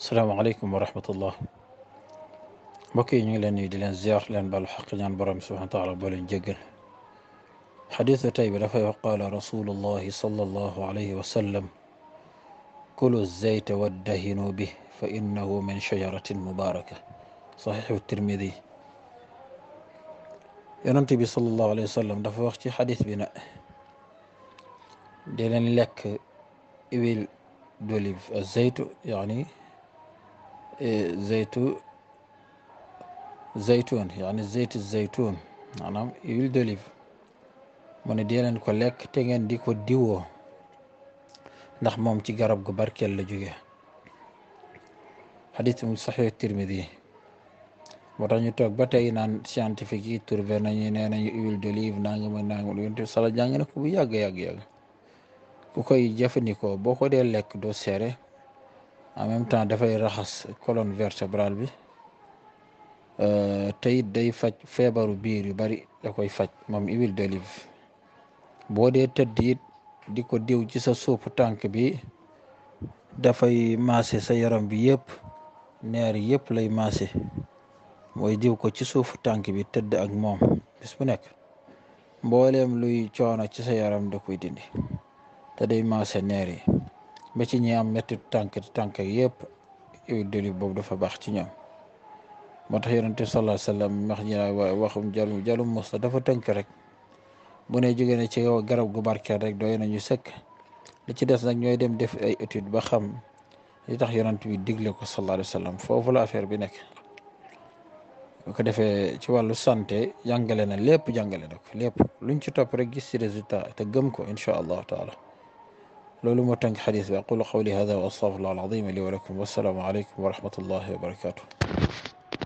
السلام عليكم ورحمة الله بكي ني لن ني دي زيار لن بالو حق نان بروم سبحانه وتعالى بولن جيغل حديث تايب دا فاي قال رسول الله صلى الله عليه وسلم كل الزيت ودهنوا به فانه من شجرة مباركة صحيح الترمذي يننتي بي صلى الله عليه وسلم دا فاي وختي حديث بناء دي لن لك ويل دوليف الزيت يعني zeytu zeytun yaani zeytu zeytun maanaam huile d'olive mu ne dee ko lekk te ngeen di ko diwoo ndax moom ci garab gu barkeel la jóge xadis mu saxiix tirmidi moo tax ñu toog ba tey naan scientifique yi trouvé nañu nee nañu huile d'olive nangam ak nangam yonte sala jàng na ko bu yàgg yàgg yàgg ku koy jëfandikoo boo ko dee lekk doo seere en même temps dafay raxas colonne vertébrale bi euh, te it day faj feebaru biir yu bari da koy faj moom huile d'olive boo dee tëdd it di ko diw ci sa suufu tànk bi dafay maase sa yaram bi yëpp neer yëpp lay maase mooy diw ko ci suufu tànk bi tëdd ak moom bis bu nekk mbooleem luy coono ci sa yaram da koy dindi te day maase neer yi ba ci ñi am metti tànk tànk yëpp diwlin boobu dafa baax ci ñoom moo tax yonente bi sallallahu alayhi wa sallam wax ñi waxum jalum jalum mos la dafa tënk rek bu ne jóge na ci garab gu barkeel rek doy nañu sëkk li ci des nag ñooy dem def ay étude ba xam li tax yonent bi digle ko sallallahu wa sallam foofu la affaire bi nekk bu ko defee ci wàllu sante jàngale na lépp jàngale na ko lépp luñ ci topp rek gis ci résultat te gëm ko incha allahu taala لولو موتنج حديث أقول قولي هذا وأستغفر الله العظيم لي ولكم والسلام عليكم ورحمة الله وبركاته